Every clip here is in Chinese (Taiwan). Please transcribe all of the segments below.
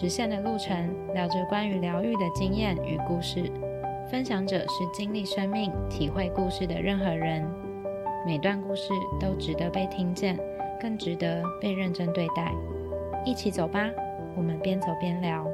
直線的路程，聊着關於療癒的經驗與故事。分享者是經歷生命、體會故事的任何人。每段故事都值得被聽見，更值得被認真對待。一起走吧，我們邊走邊療。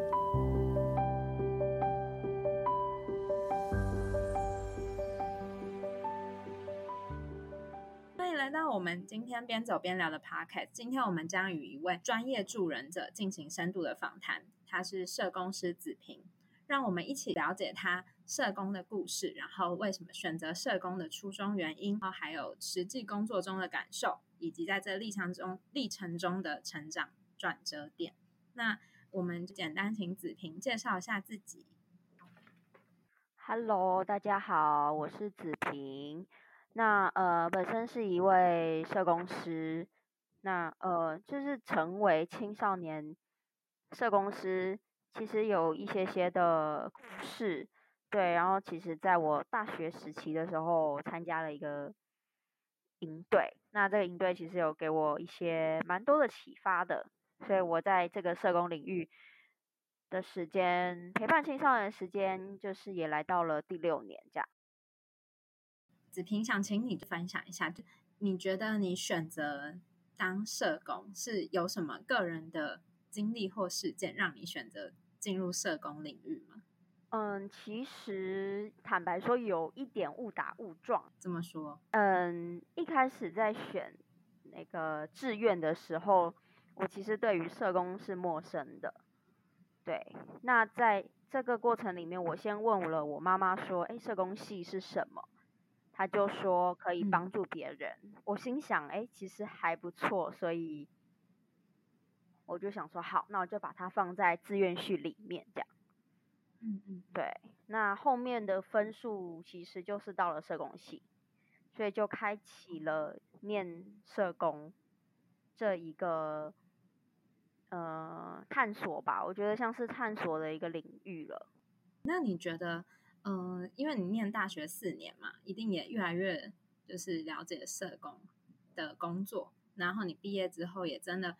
邊走邊療的 Podcast，今天我們將與一位專業助人者進行深度的訪談。他是社工師子萍，讓我們一起了解他社工的故事，然後為什麼選擇社工的初衷原因，然後還有實際工作中的感受，以及在這歷程中歷程中的成長轉折點。那我們就簡單請子萍介紹一下自己。Hello，大家好，我是子萍。那呃，本身是一位社工師，那呃，就是成為青少年社工師，其實有一些些的故事。對，然後其實，在我大學時期的時候，參加了一個營隊，那這個營隊其實有給我一些蠻多的啟發的，所以我在這個社工領域的時間陪伴青少年的時間，就是也來到了第六年這樣。子萍，想請你分享一下，就你覺得你選擇當社工是有什麼個人的經歷或事件讓你選擇進入社工領域嗎？嗯，其實坦白說，有一點誤打誤撞。怎麼說，嗯，一開始在選那個志願的時候，我其實對於社工是陌生的。對，那在這個過程裡面，我先問了我媽媽說：“哎，社工系是什麼？”他就說可以幫助別人，嗯、我心想，哎、欸，其實還不錯，所以我就想說好，那我就把它放在志願序裡面，這樣，嗯嗯，對，那後面的分數其實就是到了社工系，所以就開啟了念社工這一個呃探索吧，我覺得像是探索的一個領域了。那你覺得？嗯，因為你念大學四年嘛，一定也越來越就是了解社工的工作。然後你畢業之後也真的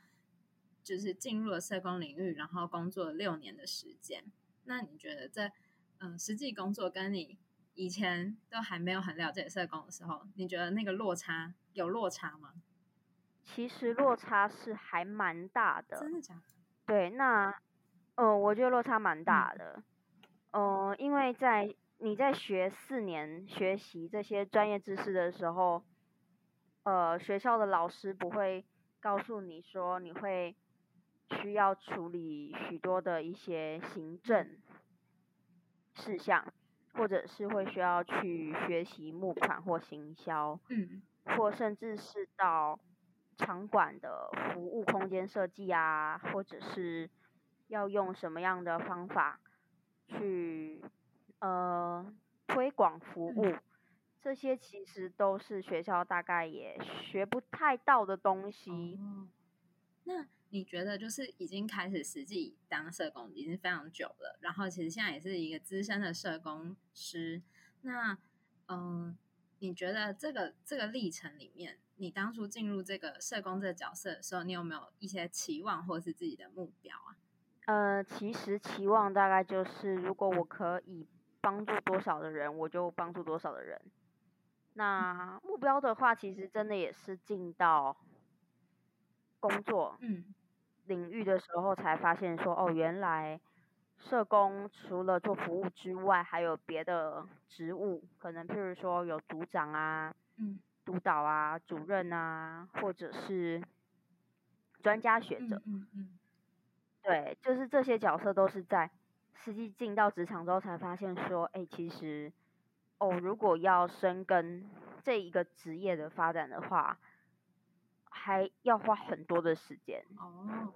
就是進入了社工領域，然後工作六年的時間。那你覺得在嗯實際工作跟你以前都還沒有很了解社工的時候，你覺得那個落差，有落差嗎？其實落差是還蠻大的。真的假的？對，那嗯，呃，我覺得落差蠻大的。嗯。嗯，因為在你在學四年學習這些專業知識的時候，呃，學校的老師不會告訴你說你會需要處理許多的一些行政事項，或者是會需要去學習募款或行銷，嗯，或甚至是到場館的服務空間設計啊，或者是要用什麼樣的方法。去，呃，推廣服務，嗯，這些其實都是學校大概也學不太到的東西。嗯，那你覺得，就是已經開始實際當社工已經非常久了，然後其實現在也是一個資深的社工師。那，嗯，你覺得這個這個歷程裡面，你當初進入這個社工這個角色的時候，你有沒有一些期望或是自己的目標啊？呃，其實期望大概就是，如果我可以幫助多少的人，我就幫助多少的人。那目標的話，其實真的也是進到工作領域的時候，才發現說，哦，原來社工除了做服務之外，還有別的職務，可能譬如說有組長啊，嗯，督導啊，主任啊，或者是專家學者。嗯嗯。對，就是這些角色都是在實際進到職場之後才發現說，哎，其實哦，如果要深耕這一個職業的發展的話，還要花很多的時間。哦，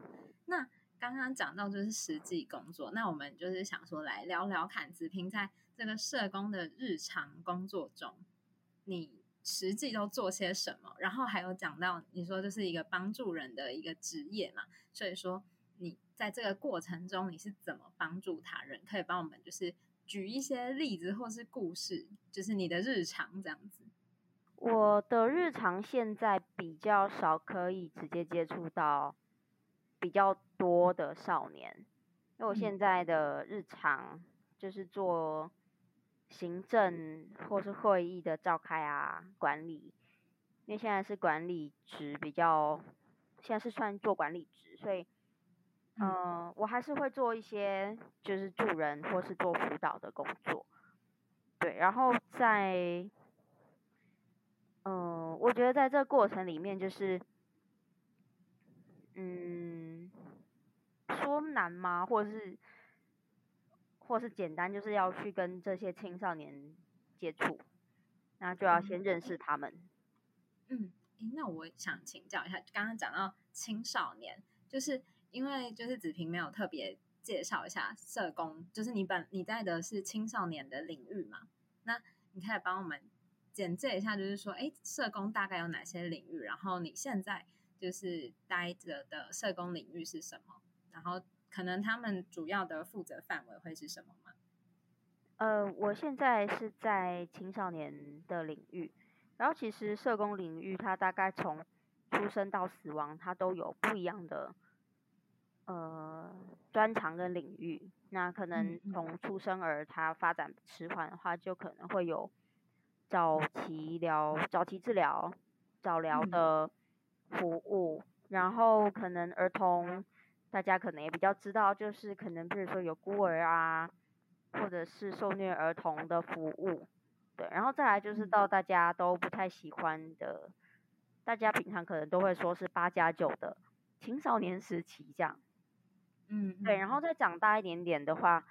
那剛剛講到就是實際工作，那我們就是想說來聊聊看，子萍在這個社工的日常工作中，你實際都做些什麼？然後還有講到你說這是一個幫助人的一個職業嘛，所以說。在這個過程中，你是怎麼幫助他人？可以幫我們就是舉一些例子或是故事，就是你的日常這樣子。我的日常現在比較少可以直接接觸到比較多的少年，因為我現在的日常就是做行政或是會議的召開啊，管理，因為現在是管理職比較，現在是算做管理職，所以。嗯、呃，我還是會做一些就是助人或是做輔導的工作，對。然後在，嗯、呃，我覺得在這個過程裡面，就是，嗯，說難嗎？或者是，或是簡單，就是要去跟這些青少年接觸，那就要先認識他們。嗯，嗯、欸，那我想請教一下，剛剛講到青少年，就是。因為就是子萍沒有特別介紹一下社工，就是你本你在的是青少年的領域嘛？那你可以幫我們簡介一下，就是說，誒，社工大概有哪些領域？然後你現在就是待着的社工領域是什麼？然後可能他們主要的負責範圍會是什麼嗎？呃，我現在是在青少年的領域，然後其實社工領域它大概從出生到死亡，它都有不一樣的。呃，專長跟領域，那可能從出生兒他發展遲緩的話，就可能會有早期療、早期治療、早療的服務，嗯。然後可能兒童，大家可能也比較知道，就是可能比如說有孤兒啊，或者是受虐兒童的服務，對。然後再來就是到大家都不太喜歡的，嗯，大家平常可能都會說是八加九的青少年時期這樣。嗯，對，然後再長大一點點的話，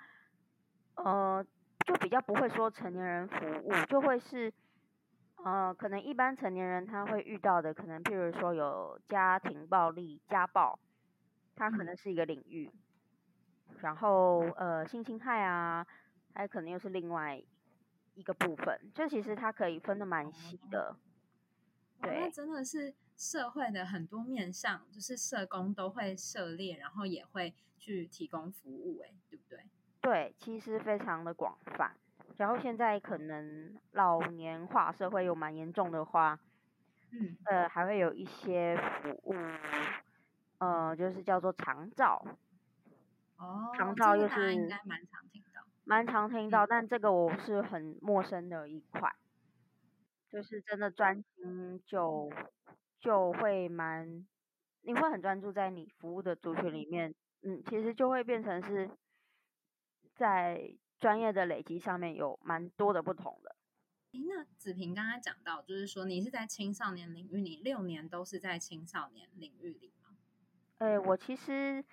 呃，就比較不會說成年人服務，就會是，呃，可能一般成年人他會遇到的，可能譬如說有家庭暴力、家暴，他可能是一個領域，嗯、然後呃，性侵害啊，還可能又是另外一個部分，就其實他可以分得蠻細的，對，那真的是。社會的很多面向，就是社工都會涉獵，然後也會去提供服務，欸，哎，對不對？對，其實非常的廣泛。然後現在可能老年化社會又蠻嚴重的話，嗯，呃，還會有一些服務，呃，就是叫做長照。哦，長照又是應該蠻常聽到，蠻常聽到，嗯、但這個我是很陌生的一塊，就是真的專心就。就會蠻，你會很專注在你服務的族群裡面，嗯，其實就會變成是在專業的累積上面有蠻多的不同的。哎，那子萍剛剛講到，就是說你是在青少年領域，你六年都是在青少年領域裡嗎？哎，我其實，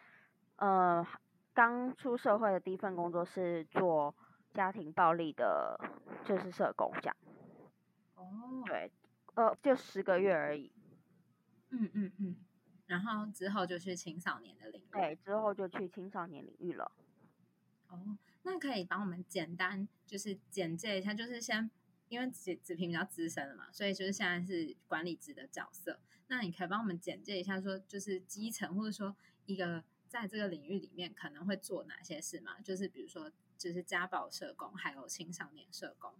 呃，剛出社會的第一份工作是做家庭暴力的，就是社工這樣。哦，oh。對，呃，就十個月而已。嗯嗯嗯，然後之後就去青少年的領域。對，之後就去青少年領域了。哦，那可以幫我們簡單就是簡介一下，就是先因為子子萍比較資深嘛，所以就是現在是管理職的角色。那你可以幫我們簡介一下，說就是基層或者說一個在這個領域裡面可能會做哪些事嘛？就是比如說，就是家暴社工，還有青少年社工。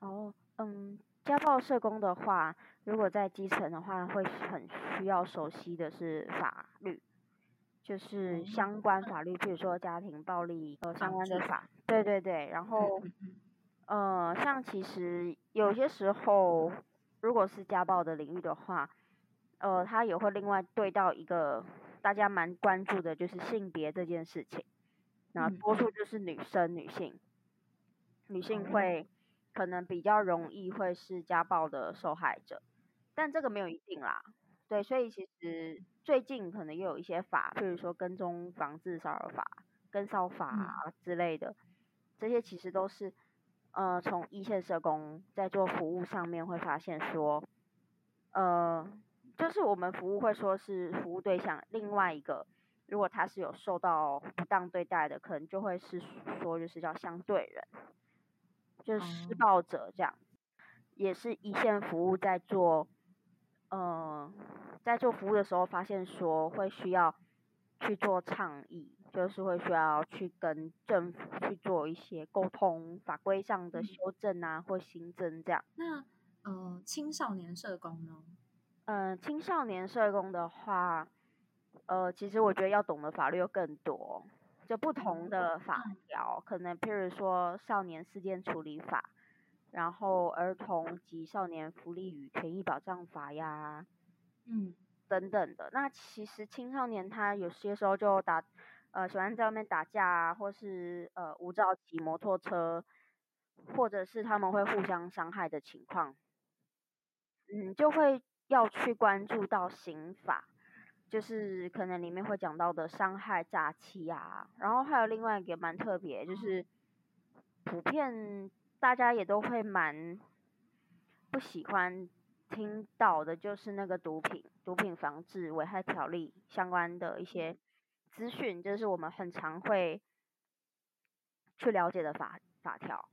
哦，嗯。家暴社工的話，如果在基層的話，會很需要熟悉的是法律，就是相關法律，比如說家庭暴力，呃，相關的法。對對對，然後，呃，像其實有些時候，如果是家暴的領域的話，呃，他也會另外對到一個大家蠻關注的，就是性別這件事情，那多數就是女生、女性，女性會。可能比較容易會是家暴的受害者，但這個沒有一定啦。對，所以其實最近可能又有一些法，譬如說跟蹤防治騷擾法、跟騷法之類的，這些其實都是，呃，從一線社工在做服務上面會發現說，呃，就是我們服務會說是服務對象。另外一個，如果他是有受到不當對待的，可能就會是說就是叫相對人。就是施暴者這樣，oh. 也是一線服務在做，嗯、呃，在做服務的時候發現說會需要去做倡議，就是會需要去跟政府去做一些溝通，法規上的修正啊、mm-hmm. 或新增這樣。那呃，青少年社工呢？嗯、呃，青少年社工的話，呃，其實我覺得要懂得法律有更多。就不同的法條，可能譬如說《少年事件處理法》，然後《兒童及少年福利與權益保障法》呀，嗯，等等的。那其實青少年他有些時候就打，呃，喜歡在外面打架啊，或是呃無照騎摩托車，或者是他們會互相傷害的情況，嗯，就會要去關注到刑法。就是可能裡面會講到的傷害詐欺啊，然後還有另外一個蠻特別，就是普遍大家也都會蠻不喜歡聽到的，就是那個毒品毒品防治危害條例相關的一些資訊，就是我們很常會去了解的法法條。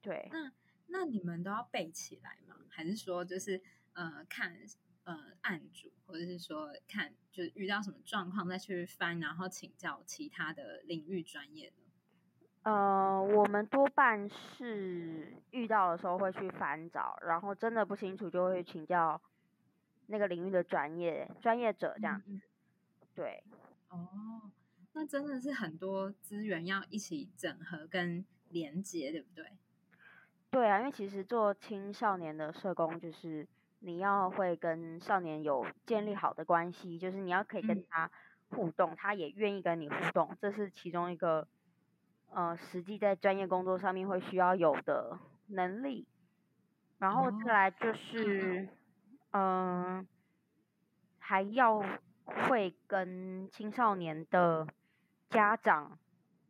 對那，那你們都要背起來嗎？還是說就是呃看？呃，案主，或者是說看，就遇到什麼狀況再去翻，然後請教其他的領域專業呢。呃，我們多半是遇到的時候會去翻找，然後真的不清楚就會請教那個領域的專業專業者這樣子嗯嗯。對。哦，那真的是很多資源要一起整合跟連接，對不對？對啊，因為其實做青少年的社工就是。你要會跟少年有建立好的關係，就是你要可以跟他互動，嗯、他也願意跟你互動，這是其中一個，呃，實際在專業工作上面會需要有的能力。然後再來就是，嗯、哦呃，還要會跟青少年的家長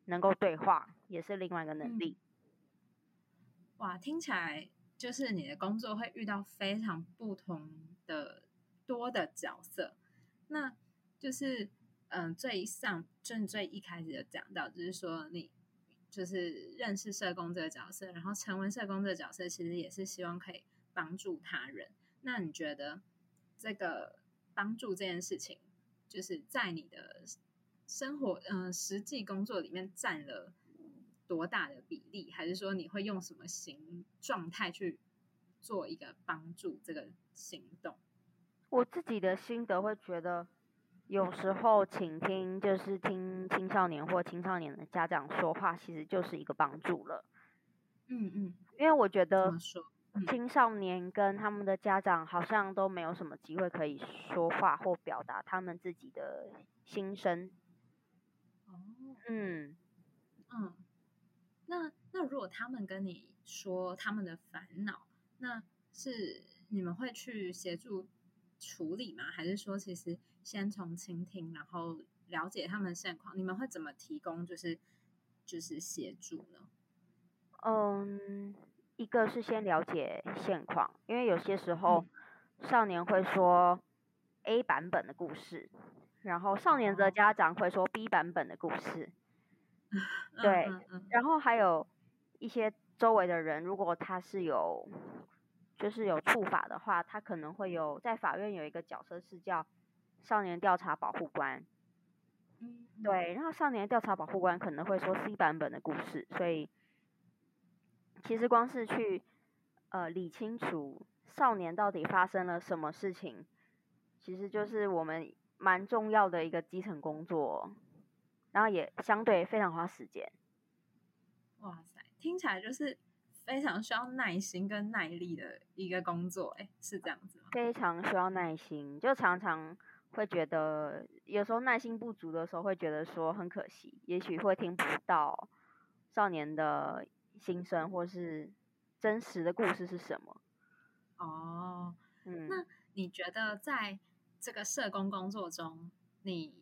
能夠對話，也是另外一個能力。嗯、哇，聽起來。就是你的工作會遇到非常不同的多的角色，那就是嗯，最上，就最一開始有講到，就是說你就是認識社工這個角色，然後成為社工這個角色，其實也是希望可以幫助他人。那你覺得這個幫助這件事情，就是在你的生活，嗯，實際工作裡面占了多大的比例，還是說你會用什麼形狀態去做一個幫助這個行動？我自己的心得會覺得，有時候傾聽就是聽青少年或青少年的家長說話，其實就是一個幫助了。嗯嗯，因為我覺得青少年跟他們的家長好像都沒有什麼機會可以說話或表達他們自己的心聲。嗯嗯。那那如果他們跟你說他們的煩惱，那是你們會去協助處理嗎？還是說其實先從傾聽，然後了解他們的現況，你們會怎麼提供就是就是協助呢？嗯，一個是先了解現況，因為有些時候，嗯，少年會說 A 版本的故事，然後少年的家長會說 B 版本的故事。 對，然後還有一些周圍的人，如果他是有，就是有觸法的話，他可能會有在法院有一個角色是叫少年調查保護官。嗯，對，然後少年調查保護官可能會說 C 版本的故事，所以其實光是去呃理清楚少年到底發生了什麼事情，其實就是我們蠻重要的一個基層工作。然後也相對非常花時間。哇塞，聽起來就是非常需要耐心跟耐力的一個工作，哎，是這樣子嗎？非常需要耐心，就常常會覺得，有時候耐心不足的時候，會覺得說很可惜，也許會聽不到少年的心聲，或是真實的故事是什麼。哦，嗯，那你覺得在這個社工工作中，你？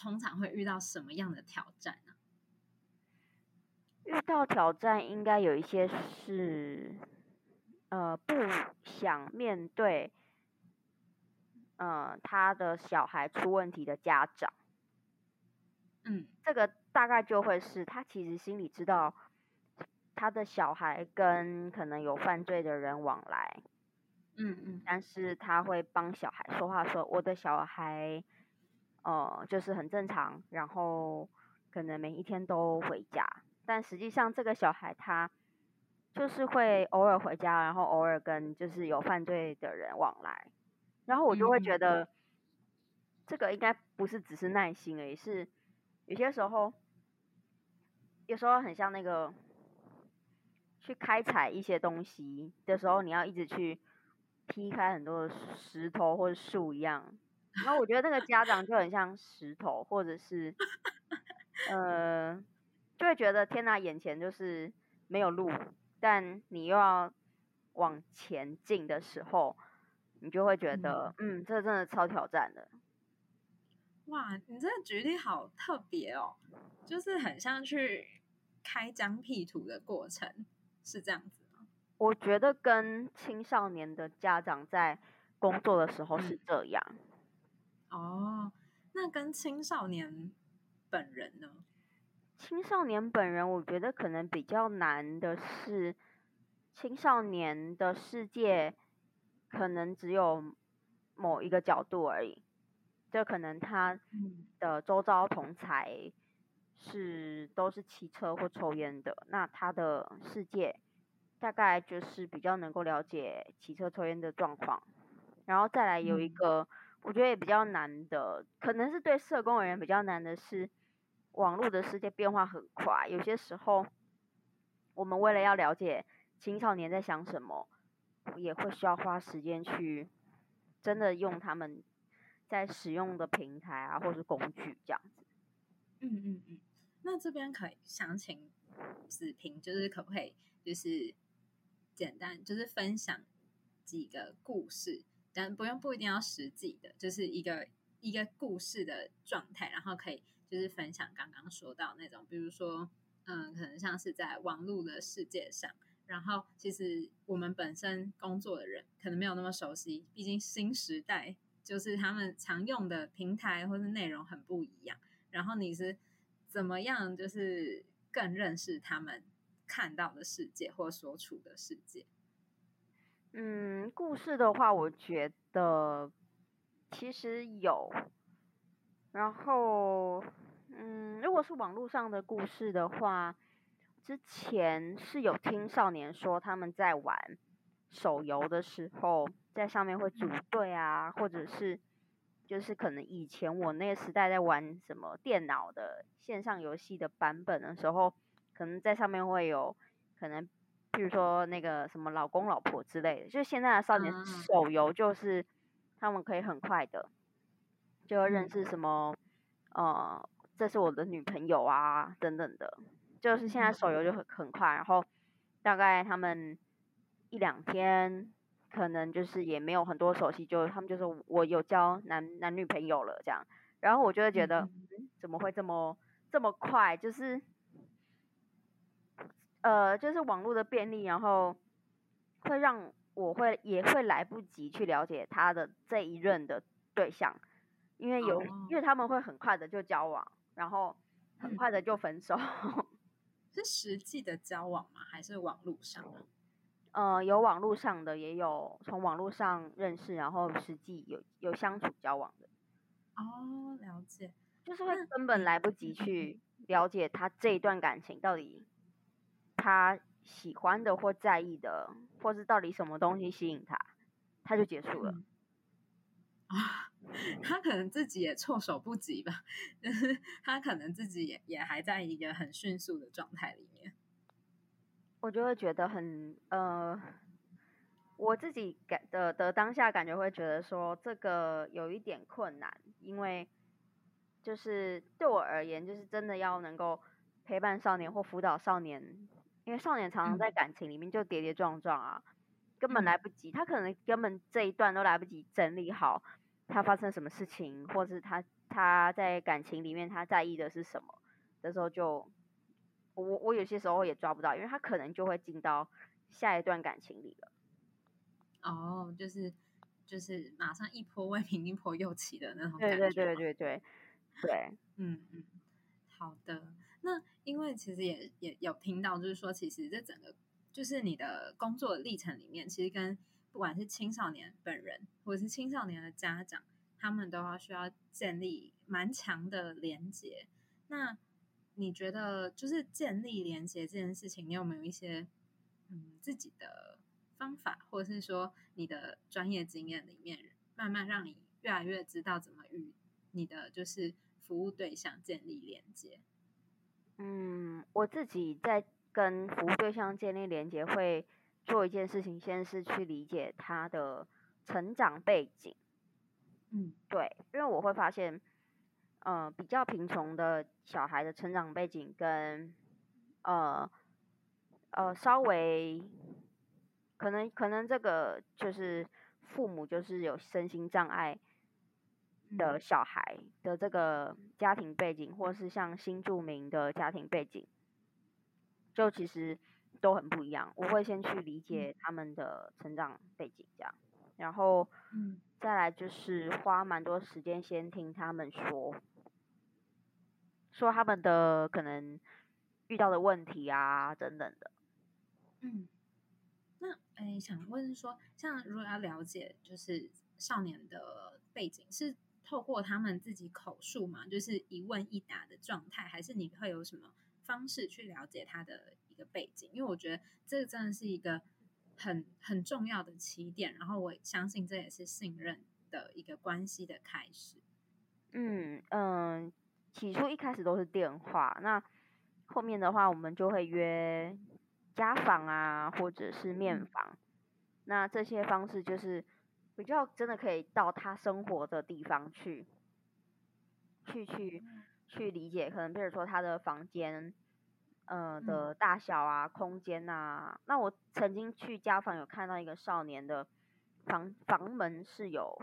通常會遇到什麼樣的挑戰呢？啊？遇到挑戰，應該有一些是，呃，不想面對，嗯、呃，他的小孩出問題的家長。嗯，這個大概就會是他其實心裡知道他的小孩跟可能有犯罪的人往來。嗯嗯，但是他會幫小孩說話說，說我的小孩。哦、嗯，就是很正常，然後可能每一天都回家，但實際上這個小孩他就是會偶爾回家，然後偶爾跟就是有犯罪的人往來，然後我就會覺得這個應該不是只是耐心而已，是有些時候，有時候很像那個去開採一些東西的時候，你要一直去劈開很多的石頭或者樹一樣。然 後我覺得那個家長就很像石頭，或者是，呃，就會覺得天哪，眼前就是沒有路，但你又要往前進的時候，你就會覺得，嗯，嗯這真的超挑戰的。哇，你這個舉例好特別哦，就是很像去開疆闢土的過程，是這樣子。我覺得跟青少年的家長在工作的時候是這樣。嗯哦、oh，那跟青少年本人呢？青少年本人，我覺得可能比較難的是，青少年的世界可能只有某一個角度而已，就可能他的周遭同才儕是都是騎車或抽煙的，那他的世界大概就是比較能夠了解騎車抽煙的狀況，然後再來有一個、嗯。我覺得也比較難的，可能是對社工而言比較難的是，網絡的世界變化很快，有些時候，我們為了要了解青少年在想什麼，也會需要花時間去，真的用他們在使用的平台啊，或是工具這樣子。嗯嗯嗯，那這邊可以想請子萍，就是可不可以，就是簡單，就是分享幾個故事。但不用，不一定要實際的，就是一個一個故事的狀態，然後可以就是分享剛剛說到那種，比如說，嗯，可能像是在網絡的世界上，然後其實我們本身工作的人可能沒有那麼熟悉，畢竟新時代就是他們常用的平台或是內容很不一樣，然後你是怎麼樣就是更認識他們看到的世界或所處的世界？嗯，故事的話，我覺得其實有。然後，嗯，如果是網絡上的故事的話，之前是有聽少年說他們在玩手遊的時候，在上面會組隊啊，或者是就是可能以前我那個時代在玩什麼電腦的線上遊戲的版本的時候，可能在上面會有可能。譬如說那個什麼老公老婆之類的，就現在的少年手遊就是他們可以很快的就認識什麼、嗯，呃，這是我的女朋友啊等等的，就是現在手遊就很很快，然後大概他們一兩天可能就是也沒有很多熟悉，就他們就說我有交男男女朋友了這樣，然後我就會覺得、嗯，怎麼會這麼這麼快？就是。呃，就是網絡的便利，然後會讓我會也會來不及去了解他的這一任的對象，因為有，Oh. 因為他們會很快的就交往，然後很快的就分手。嗯、 是實際的交往嗎？還是網絡上的？呃，有網絡上的，也有從網絡上認識，然後實際有有相處交往的。哦、Oh，了解，就是會根本來不及去了解他這一段感情到底。他喜歡的或在意的，或是到底什麼東西吸引他，他就結束了。啊、哦，他可能自己也措手不及吧，就是、他可能自己也也還在一個很迅速的狀態裡面。我就會覺得很呃，我自己感的的當下感覺會覺得說這個有一點困難，因為就是對我而言，就是真的要能夠陪伴少年或輔導少年，因為少年常常在感情裡面就跌跌撞撞啊、嗯，根本來不及。他可能根本這一段都來不及整理好，他發生什麼事情，或者是他他在感情裡面他在意的是什麼的時候就，就我我有些時候也抓不到，因為他可能就會進到下一段感情裡了。哦，就是就是馬上一波未平一波又起的那種感覺。對對對對對對。對，嗯 嗯，好的。那因為其實也也有聽到，就是說，其實這整個就是你的工作的歷程裡面，其實跟不管是青少年本人或者是青少年的家長，他們都要需要建立蠻強的連接。那你覺得，就是建立連接這件事情，你有沒有一些嗯自己的方法，或者是說你的專業經驗裡面，慢慢讓你越來越知道怎麼與你的就是服務對象建立連接？嗯，我自己在跟服務對象建立連結，會做一件事情，先是去理解他的成長背景。嗯，對，因為我會發現，嗯、呃，比較貧窮的小孩的成長背景跟，呃，呃，稍微，可能可能這個就是父母就是有身心障礙。的小孩的這個家庭背景，或是像新住民的家庭背景，就其實都很不一樣。我會先去理解他們的成長背景，這樣，然後，再來就是花蠻多時間先聽他們說，說他們的可能遇到的問題啊，等等的。嗯，那誒、欸，想問說，像如果要了解，就是少年的背景是。透過他們自己口述嘛，就是一問一答的狀態，還是你會有什麼方式去了解他的一個背景？因為我覺得這真的是一個很很重要的起點，然後我相信這也是信任的一個關係的開始。嗯嗯，起初一開始都是電話，那後面的話我們就會約家訪啊，或者是面訪，嗯，那這些方式就是。我就要真的可以到他生活的地方去，去去去理解，可能比如說他的房間，呃，的大小啊、空間吶、啊嗯。那我曾經去家訪有看到一個少年的房房門是有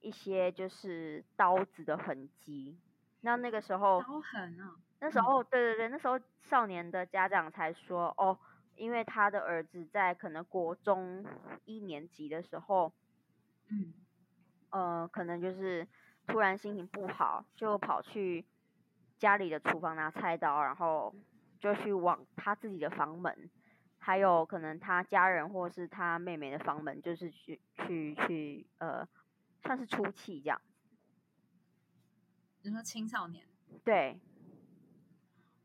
一些就是刀子的痕跡。那那個時候刀痕啊，那時候、哦、對對對，那時候少年的家長才說哦，因為他的兒子在可能國中一年級的時候。嗯，呃，可能就是突然心情不好，就跑去家裡的廚房拿菜刀，然後就去往他自己的房門，還有可能他家人或是他妹妹的房門，就是去去去，呃，算是出氣這樣。比如說青少年。對。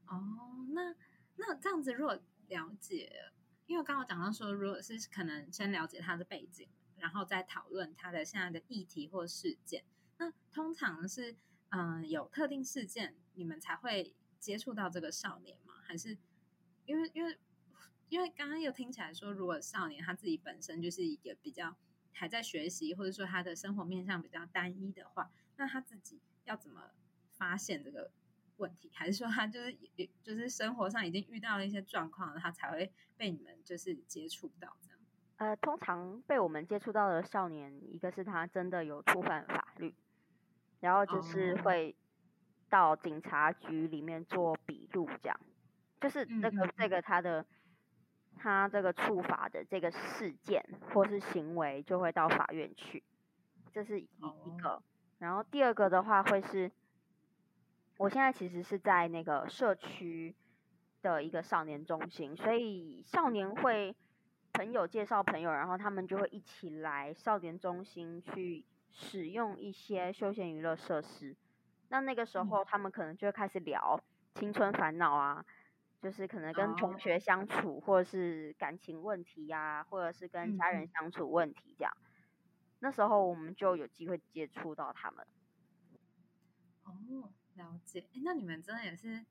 哦，oh，那那這樣子，如果了解，因為剛剛我講到說，如果是可能先了解他的背景。然後再討論他的現在的議題或事件。那通常是，嗯，有特定事件，你們才會接觸到這個少年嗎？還是因為因為因為剛剛又聽起來說，如果少年他自己本身就是一個比較還在學習，或者說他的生活面向比較單一的話，那他自己要怎麼發現這個問題？還是說他就是就是生活上已經遇到了一些狀況，他才會被你們就是接觸到這樣？呃，通常被我們接觸到的少年，一個是他真的有觸犯法律，然後就是會到警察局裡面做筆錄，這樣，就是那個、這個這個他的、嗯、他這個觸法的這個事件或是行為，就會到法院去，這、就是一一個、嗯。然後第二個的話，會是，我現在其實是在那個社區的一個少年中心，所以少年會。朋友介紹朋友，然後他們就會一起來少年中心去使用一些休閒娛樂設施。那那個時候，嗯、他們可能就開始聊青春煩惱啊，就是可能跟同學相處，oh. 或者是感情問題啊，或者是跟家人相處問題這樣。嗯、那時候我們就有機會接觸到他們。哦、oh, 了解。欸，那你們真的也是，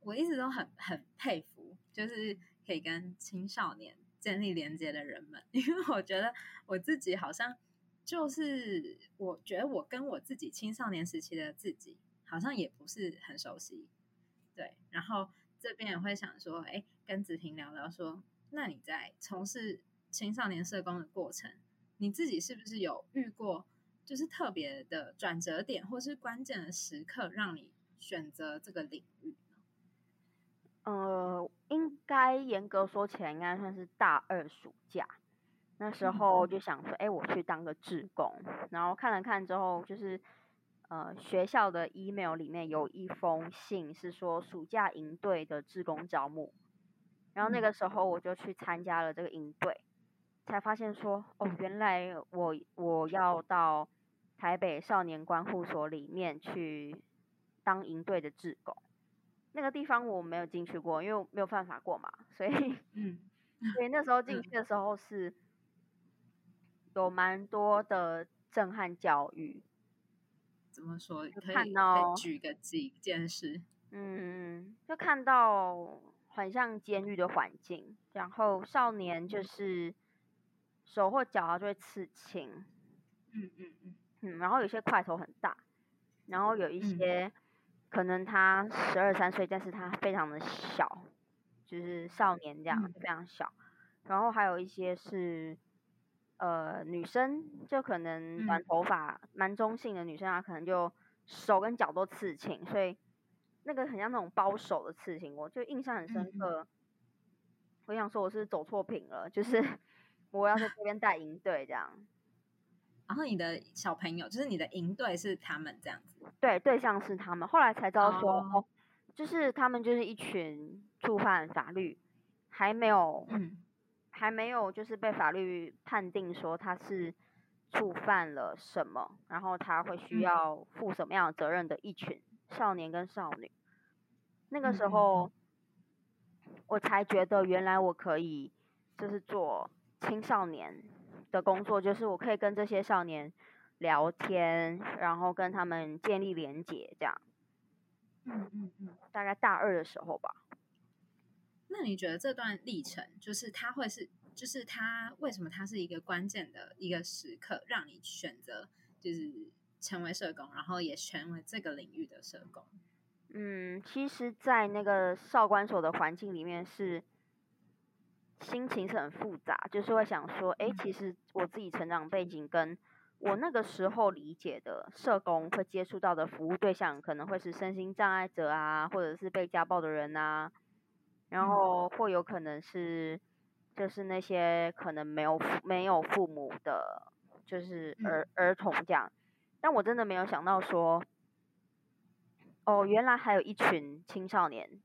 我一直都很很佩服，就是可以跟青少年。建立連接的人們，因為我覺得我自己好像就是，我覺得我跟我自己青少年時期的自己好像也不是很熟悉，對。然後這邊也會想說，哎、欸，跟子萍聊聊，說，那你在從事青少年社工的過程，你自己是不是有遇過就是特別的轉折點，或是關鍵的時刻，讓你選擇這個領域呢？呃、uh...。應該嚴格說起來，應該算是大二暑假。那時候就想說，哎、欸，我去當個志工。然後看了看之後，就是，呃，學校的 email 裡面有一封信是說暑假營隊的志工招募。然後那個時候我就去參加了這個營隊，才發現說，哦，原來我我要到台北少年觀護所裡面去當營隊的志工。那個地方我沒有進去過，因為我沒有犯法過嘛，所以，嗯、所以那時候進去的時候是有蠻多的震撼教育。怎麼說？看到可以舉個幾件事？嗯嗯，就看到很像監獄的環境，然後少年就是手或腳啊就會刺青，嗯嗯嗯，嗯，然後有些塊頭很大，然後有一些。嗯嗯可能他十二三歲，但是他非常的小，就是少年這樣、嗯、非常小。然後還有一些是，呃，女生就可能短頭髮蠻中性的女生啊，可能就手跟腳都刺青，所以那個很像那種包手的刺青，我就印象很深刻。嗯、我想說我是走錯棚了，嗯、就是我要在這邊帶營隊這樣。然後你的小朋友就是你的營隊是他們這樣子，對，對象是他們。後來才知道說，oh. 就是他們就是一群觸犯法律，還沒有、嗯，還沒有就是被法律判定說他是觸犯了什麼，然後他會需要負什麼樣的責任的一群、嗯、少年跟少女。那個時候、嗯、我才覺得，原來我可以就是做青少年。的工作，就是我可以跟這些少年聊天，然後跟他們建立連結，這樣。嗯嗯嗯，大概、嗯、大二的時候吧。那你覺得這段歷程，就是它會是，就是它為什麼它是一個關鍵的一個時刻，讓你選擇就是成為社工，然後也成為這個領域的社工？嗯，其實，在那個少管所的環境裡面是。心情是很複雜，就是會想說，誒、欸，其實我自己成長背景跟我那個時候理解的社工會接觸到的服務對象，可能會是身心障礙者啊，或者是被家暴的人吶、啊，然後或有可能是就是那些可能沒有沒有父母的，就是兒、嗯、兒童這樣。但我真的沒有想到說，哦，原來還有一群青少年。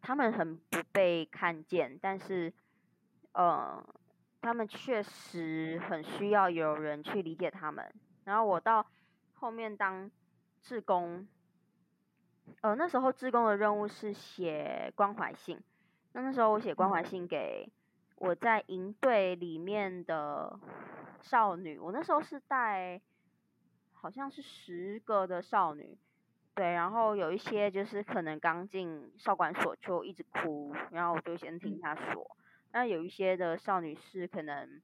他們很不被看見，但是，嗯、呃，他們確實很需要有人去理解他們。然後我到後面當志工，呃，那時候志工的任務是寫關懷信。那那時候我寫關懷信給我在營隊裡面的少女，我那時候是帶好像是十個的少女。對，然後有一些就是可能剛進少管所就一直哭，然後我就先聽他說。那有一些的少女是可能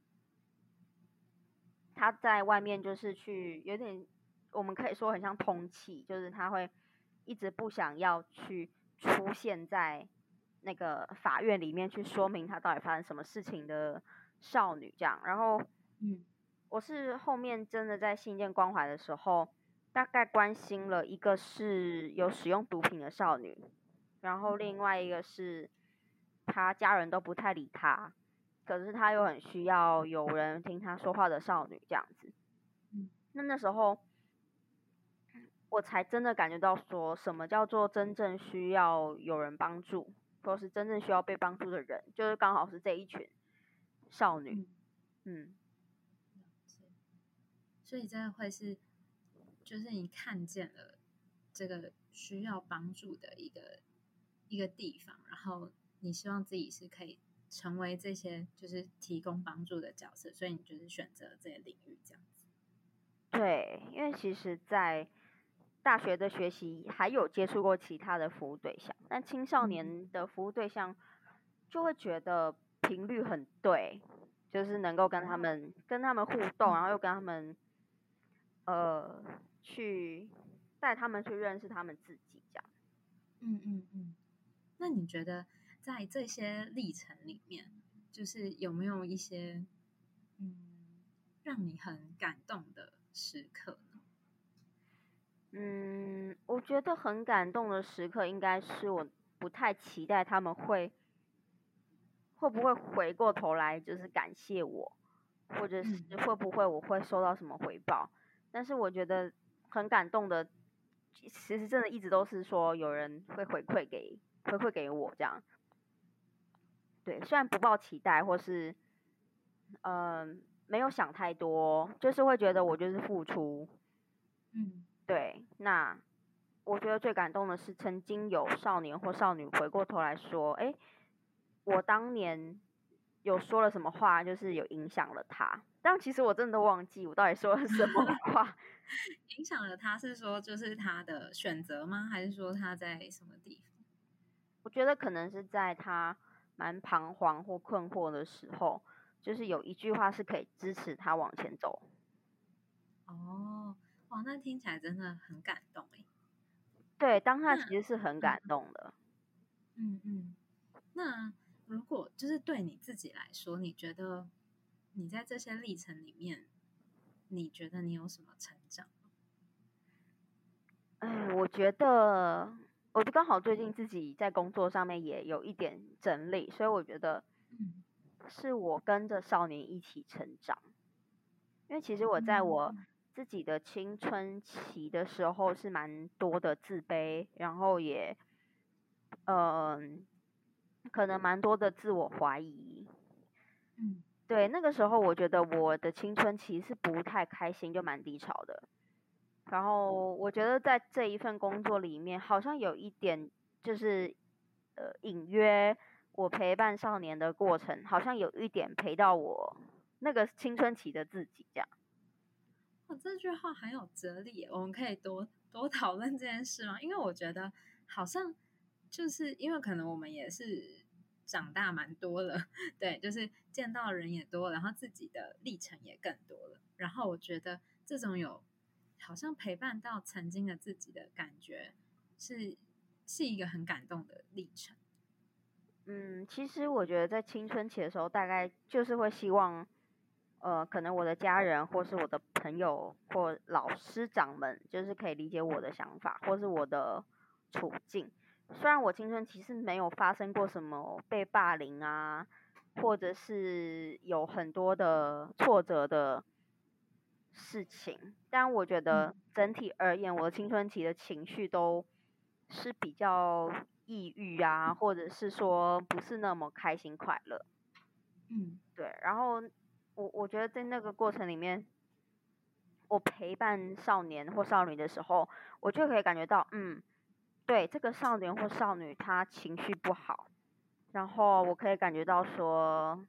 她在外面就是去有點，我們可以說很像通氣，就是她會一直不想要去出現在那個法院裡面去說明她到底發生什麼事情的少女這樣。然後，嗯，我是後面真的在信件關懷的時候。大概關心了一個是有使用毒品的少女，然後另外一個是他家人都不太理他，可是他又很需要有人聽他說話的少女這樣子。嗯。那那時候我才真的感覺到說什麼叫做真正需要有人幫助，或是真正需要被幫助的人，就是剛好是這一群少女。嗯。嗯。所以這樣會是。就是你看見了這個需要幫助的一個一個地方，然後你希望自己是可以成為這些就是提供幫助的角色，所以你就是選擇這些領域這樣子。對，因為其實，在大學的學習還有接觸過其他的服務對象，但青少年的服務對象就會覺得頻率很對，就是能夠跟他們、wow. 跟他們互動，然後又跟他們，呃。去帶他們去認識他們自己，這樣。嗯嗯嗯。那你覺得在這些歷程裡面，就是有沒有一些嗯讓你很感動的時刻呢？嗯，我覺得很感動的時刻應該是我不太期待他們會會不會回過頭來，就是感謝我，或者是會不會我會收到什麼回報？嗯、但是我覺得。很感動的，其實真的一直都是說有人會回饋給回饋給我這樣，對，雖然不抱期待或是，嗯，沒有想太多，就是會覺得我就是付出，嗯，對。那我覺得最感動的是，曾經有少年或少女回過頭來說，欸，我當年有說了什麼話，就是有影響了他。但其實我真的都忘記我到底說了什麼話 影響了他。是說就是他的選擇嗎？還是說他在什麼地方？我覺得可能是在他蠻彷徨或困惑的時候，就是有一句話是可以支持他往前走。哦，哇，那聽起來真的很感動誒。對，當他其實是很感動的。嗯嗯。那如果就是對你自己來說，你覺得？你在這些歷程裡面，你覺得你有什麼成長？嗯，我覺得，我就剛好最近自己在工作上面也有一點整理，所以我覺得是我跟着少年一起成長。因為其實我在我自己的青春期的時候是蠻多的自卑，然後也，嗯，呃，可能蠻多的自我懷疑，嗯。對，那個時候我覺得我的青春期是不太開心，就蠻低潮的。然後我覺得在這一份工作裡面，好像有一點就是，呃，隱約我陪伴少年的過程，好像有一點陪到我那個青春期的自己這樣。哦，這句話很有哲理，我們可以多多討論這件事嗎？因為我覺得好像就是因為可能我們也是。長大蠻多了，對，就是見到人也多，然後自己的歷程也更多了。然後我覺得這種有好像陪伴到曾經的自己的感覺是，是是一個很感動的歷程。嗯，其實我覺得在青春期的時候，大概就是會希望，呃，可能我的家人或是我的朋友或老師長們，就是可以理解我的想法或是我的處境。雖然我青春期是沒有發生過什麼被霸凌啊，或者是有很多的挫折的事情，但我覺得整體而言，我的青春期的情緒都是比較抑鬱啊，或者是說不是那麼開心快樂。嗯，對。然後我我覺得在那個過程裡面，我陪伴少年或少女的時候，我就可以感覺到，嗯。對，這個少年或少女，他情緒不好，然後我可以感覺到說，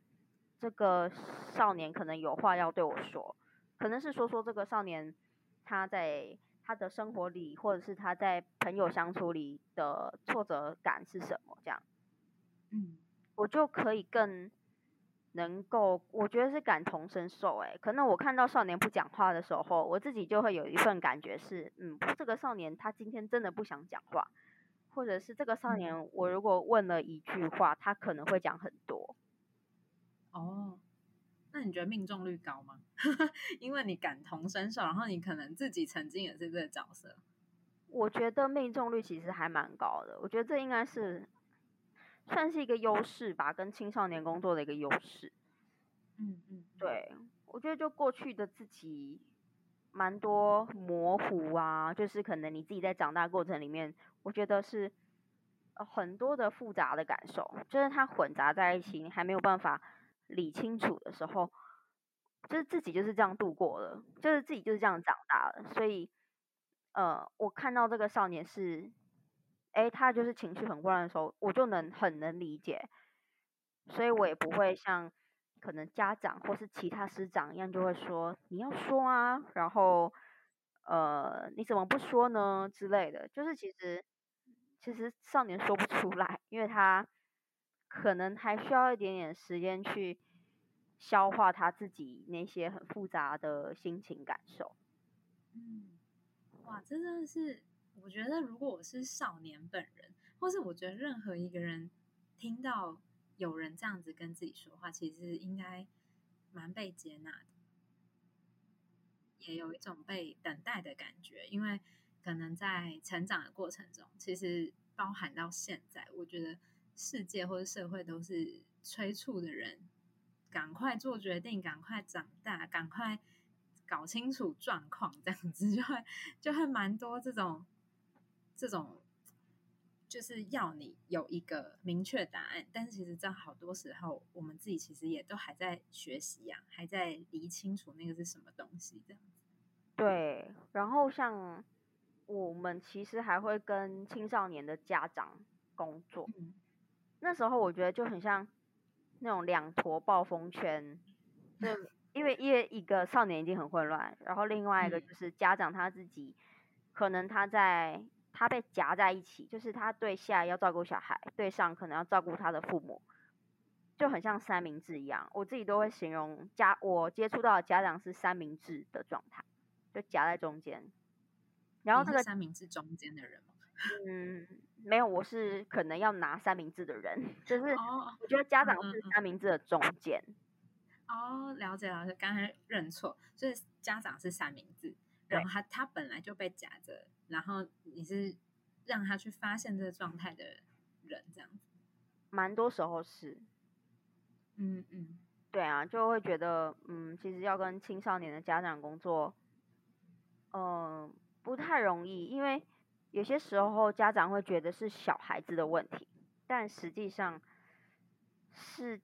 這個少年可能有話要對我說，可能是說說這個少年他在他的生活裡，或者是他在朋友相處裡的挫折感是什麼這樣，嗯，我就可以更。能夠，我覺得是感同身受哎、欸。可能我看到少年不講話的時候，我自己就會有一份感覺是，嗯，這個少年他今天真的不想講話，或者是這個少年，我如果問了一句話，嗯、他可能會講很多。哦，那你覺得命中率高嗎？ 因為你感同身受，然後你可能自己曾經也是這個角色。我覺得命中率其實還蠻高的。我覺得這應該是。算是一個優勢吧，跟青少年工作的一個優勢。嗯嗯，對，我覺得就過去的自己，蠻多模糊啊，就是可能你自己在長大過程裡面，我覺得是，呃，很多的複雜的感受，就是它混雜在一起，你還沒有辦法理清楚的時候，就是自己就是這樣度過了，就是自己就是這樣長大了。所以，呃，我看到這個少年是。哎、欸，他就是情緒很混亂的時候，我就能很能理解，所以我也不會像可能家長或是其他師長一樣，就會說你要說啊，然後呃你怎麼不說呢之類的。就是其實其實少年說不出來，因為他可能還需要一點點時間去消化他自己那些很複雜的心情感受。嗯，哇，真的是。我覺得，如果我是少年本人，或是我覺得任何一個人聽到有人這樣子跟自己說話，其實應該蠻被接納的，也有一種被等待的感覺。因為可能在成長的過程中，其實包含到現在，我覺得世界或者社會都是催促的人，趕快做決定，趕快長大，趕快搞清楚狀況，這樣子就會就會蠻多這種。這種就是要你有一個明確答案，但是其實在好多時候，我們自己其實也都還在學習呀、啊，還在理清楚那個是什麼東西這樣子。對，然後像我們其實還會跟青少年的家長工作，嗯、那時候我覺得就很像那種兩坨暴風圈、嗯，就因為一一個少年已經很混亂，然後另外一個就是家長他自己，嗯、可能他在。他被夾在一起，就是他對下要照顧小孩，對上可能要照顧他的父母，就很像三明治一樣。我自己都會形容家我接觸到的家長是三明治的狀態，就夾在中間。然後這、那個、你是三明治中間的人嗎？嗯，沒有，我是可能要拿三明治的人，就是我覺得家長是三明治的中間。哦，嗯、哦，了解了了就剛才認錯，就是家長是三明治，然後他他本來就被夾着。然後你是讓他去發現這個狀態的人，這樣子，蠻多時候是，嗯嗯，對啊，就會覺得，嗯，其實要跟青少年的家長工作，嗯、呃，不太容易，因為有些時候家長會覺得是小孩子的問題，但實際上是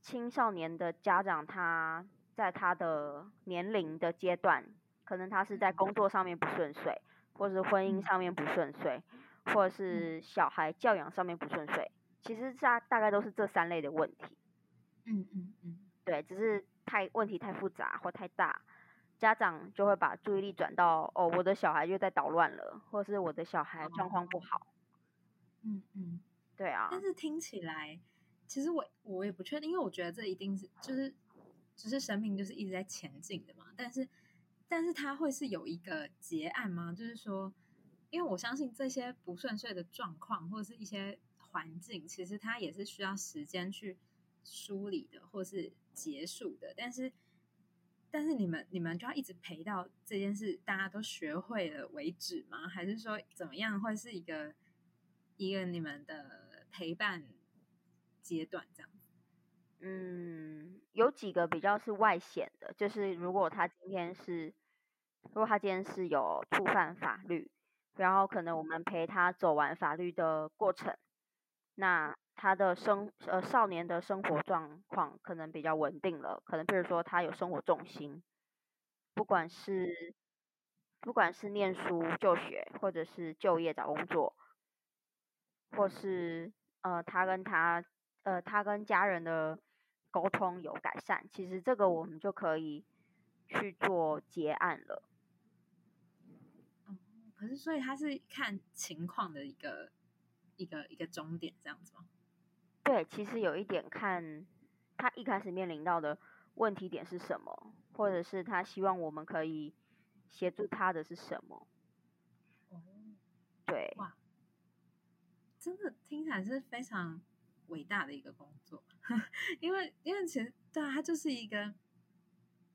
青少年的家長，他在他的年齡的階段，可能他是在工作上面不順遂。嗯嗯或是婚姻上面不順遂，嗯、或是小孩教養上面不順遂，其實大大概都是這三類的問題。嗯嗯嗯，對，只是太問題太複雜或太大，家長就會把注意力轉到哦，我的小孩又在搗亂了，或是我的小孩狀況不好。哦、嗯嗯，對啊。但是聽起來，其實我我也不確定，因為我覺得這一定是就是只、就是生命就是一直在前進的嘛，但是。但是他會是有一個結案嗎？就是說，因為我相信這些不順遂的狀況或者是一些環境，其實它也是需要時間去梳理的，或是結束的。但是，但是你們你們就要一直陪到這件事大家都學會了為止嗎？還是說怎麼樣會是一個一個你們的陪伴階段這樣？嗯，有幾個比較是外顯的，就是如果他今天是，如果他今天是有觸犯法律，然後可能我們陪他走完法律的過程，那他的生呃少年的生活狀況可能比較穩定了，可能比如說他有生活重心，不管是不管是念書就學，或者是就業找工作，或是呃他跟他呃他跟家人的。溝通有改善，其實這個我們就可以去做結案了。嗯，可是所以他是看情況的一個一個一個終點這樣子嗎？對，其實有一點看他一開始面臨到的問題點是什麼，或者是他希望我們可以協助他的是什麼。嗯，對，哇，真的聽起來是非常。偉大的一個工作，呵呵，因為因為其實對啊，它就是一個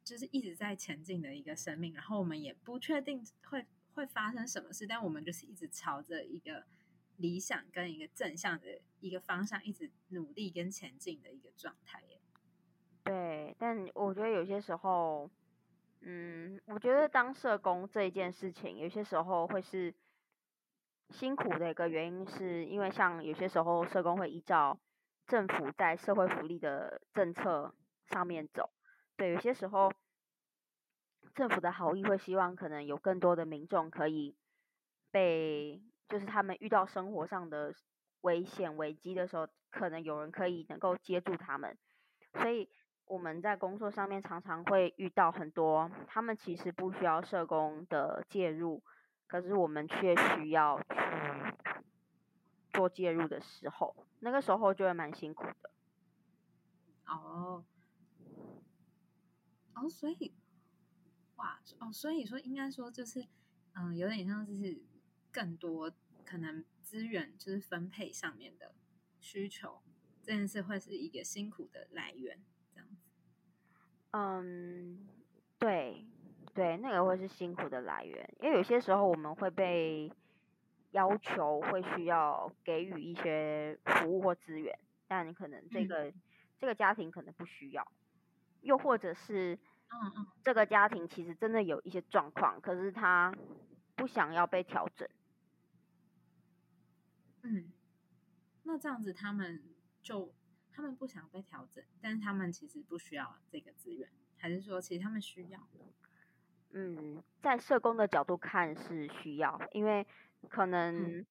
就是一直在前進的一個生命，然後我們也不確定會會發生什麼事，但我們就是一直朝着一個理想跟一個正向的一個方向一直努力跟前進的一個狀態耶。對，但我覺得有些時候，嗯，我覺得當社工這一件事情，有些時候會是。辛苦的一個原因，是因為像有些時候社工會依照政府在社會福利的政策上面走。對，有些時候政府的好意會希望，可能有更多的民眾可以被，就是他們遇到生活上的危險危機的時候，可能有人可以能夠接住他們。所以我們在工作上面常常會遇到很多，他們其實不需要社工的介入。可是我們卻需要去做介入的時候，那個時候就會蠻辛苦的。哦，哦，所以，哇，哦，所以說應該說就是，嗯，有點像就是更多可能資源，就是分配上面的需求，這件事會是一個辛苦的來源，這樣子。嗯，對。對，那個會是辛苦的來源，因為有些時候我們會被要求，會需要給予一些服務或資源，但可能這個、嗯、這個家庭可能不需要，又或者是，嗯嗯，這個家庭其實真的有一些狀況，可是他不想要被調整。嗯，那這樣子他們就他們不想被調整，但是他們其實不需要這個資源，還是說其實他們需要？嗯，在社工的角度看是需要，因為可能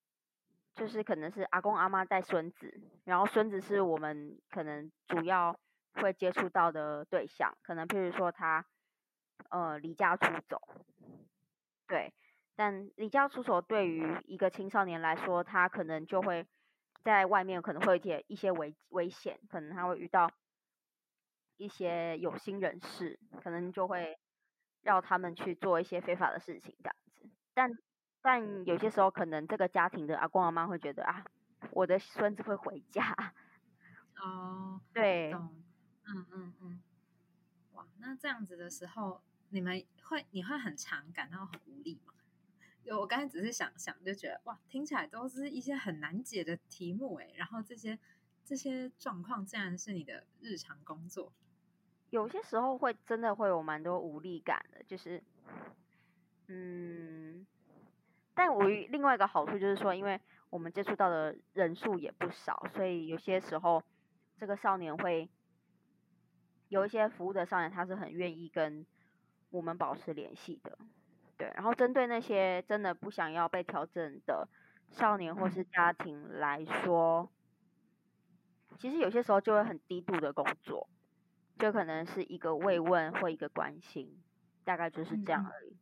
就是可能是阿公阿媽帶孫子，然後孫子是我們可能主要會接觸到的對象，可能譬如說他呃離家出走，對，但離家出走對於一個青少年來說，他可能就會在外面可能會有一些危危險，可能他會遇到一些有心人士，可能就會。讓他們去做一些非法的事情這樣子，但但有些時候可能這個家庭的阿公阿媽會覺得啊，我的孫子會回家，哦，對，嗯嗯嗯，哇，那這樣子的時候，你們會你會很常感到很無力嗎？有，我剛才只是想想就覺得哇，聽起來都是一些很難解的題目欸，然後這些這些狀況竟然是你的日常工作。有些時候會真的會有蠻多無力感的，就是，嗯，但我另外一個好處就是說，因為我們接觸到的人數也不少，所以有些時候這個少年會有一些服務的少年，他是很願意跟我們保持聯繫的，對。然後針對那些真的不想要被調整的少年或是家庭來說，其實有些時候就會很低度的工作。就可能是一個慰問或一個關心，大概就是這樣而已。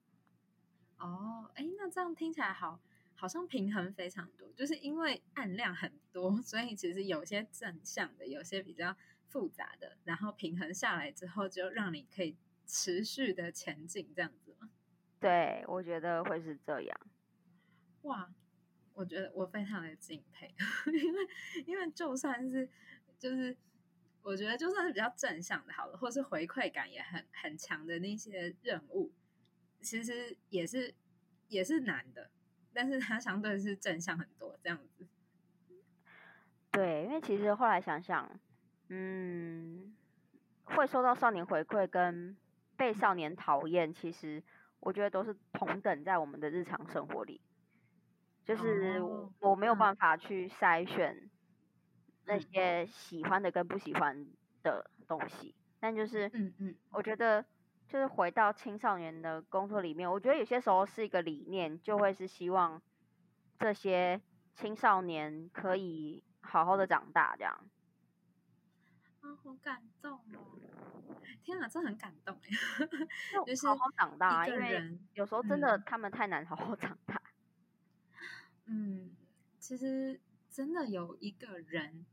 嗯、哦，哎、欸，那這樣聽起來好，好像平衡非常多，就是因為案量很多，所以其實有些正向的，有些比較複雜的，然後平衡下來之後，就讓你可以持續的前進，這樣子嗎？對，我覺得會是這樣。哇，我覺得我非常的敬佩，因為因為就算是就是。我覺得就算是比較正向的，好了，或是回饋感也很很強的那些任務，其實也是也是難的，但是它相對是正向很多這樣子。對，因為其實後來想想，嗯，會受到少年回饋跟被少年討厭，其實我覺得都是同等在我們的日常生活裡，就是我沒有辦法去篩選。那些喜歡的跟不喜歡的東西，但就是，嗯嗯，我覺得就是回到青少年的工作裡面，我覺得有些時候是一個理念，就會是希望這些青少年可以好好的長大，這樣。啊，好感動哦、啊！天啊，這很感動、欸、 就是好好長大，因為有時候真的他們太難好好長大。嗯，其實真的有一個人。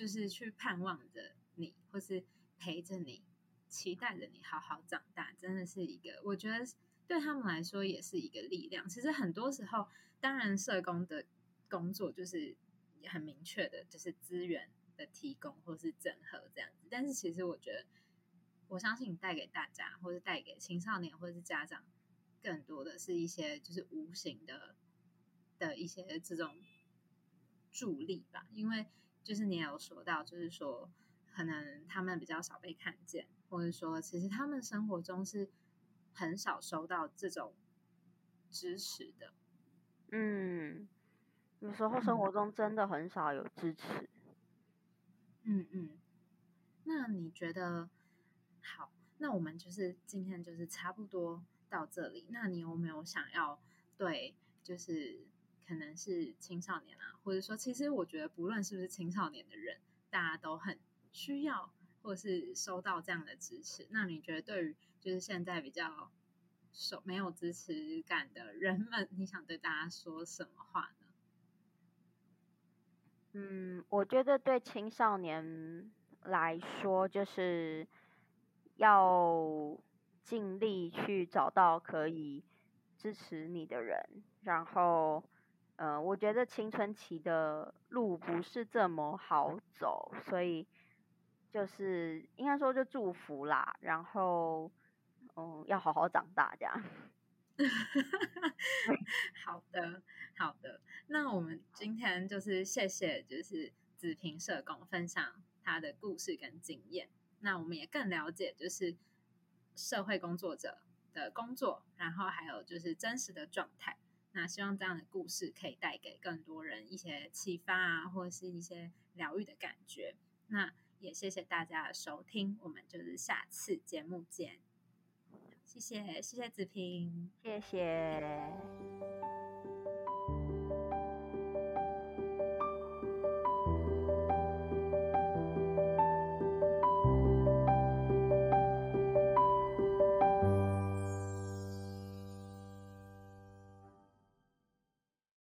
就是去盼望着你，或是陪着你，期待着你好好長大，真的是一個我覺得對他們來說也是一個力量。其實很多時候，當然社工的工作就是很明確的，就是資源的提供或是整合這樣子。但是其實我覺得，我相信帶給大家，或是帶給青少年，或是家長，更多的是一些就是無形的的一些這種助力吧，因為。就是你也有說到，就是說，可能他們比較少被看見，或者說，其實他們生活中是很少收到這種支持的。嗯，有時候生活中真的很少有支持。嗯嗯，嗯。那你覺得？好，那我們就是今天就是差不多到這裡。那你有沒有想要對？就是。可能是青少年啊，或者說，其實我覺得不論是不是青少年的人，大家都很需要，或是受到這樣的支持。那你覺得，對於就是現在比較少沒有支持感的人們，你想對大家說什麼話呢？嗯，我覺得對青少年來說，就是要盡力去找到可以支持你的人，然後。呃，我覺得青春期的路不是這麼好走，所以就是應該說就祝福啦，然後，哦、嗯、要好好長大這樣。 好的，好的。那我們今天就是謝謝，就是子萍社工分享他的故事跟經驗，那我們也更了解就是社會工作者的工作，然後還有就是真實的狀態。那希望這樣的故事可以帶給更多人一些啟發啊，或者是一些療癒的感覺。那也謝謝大家的收聽，我們就是下次節目見。謝謝，謝謝子萍，謝謝。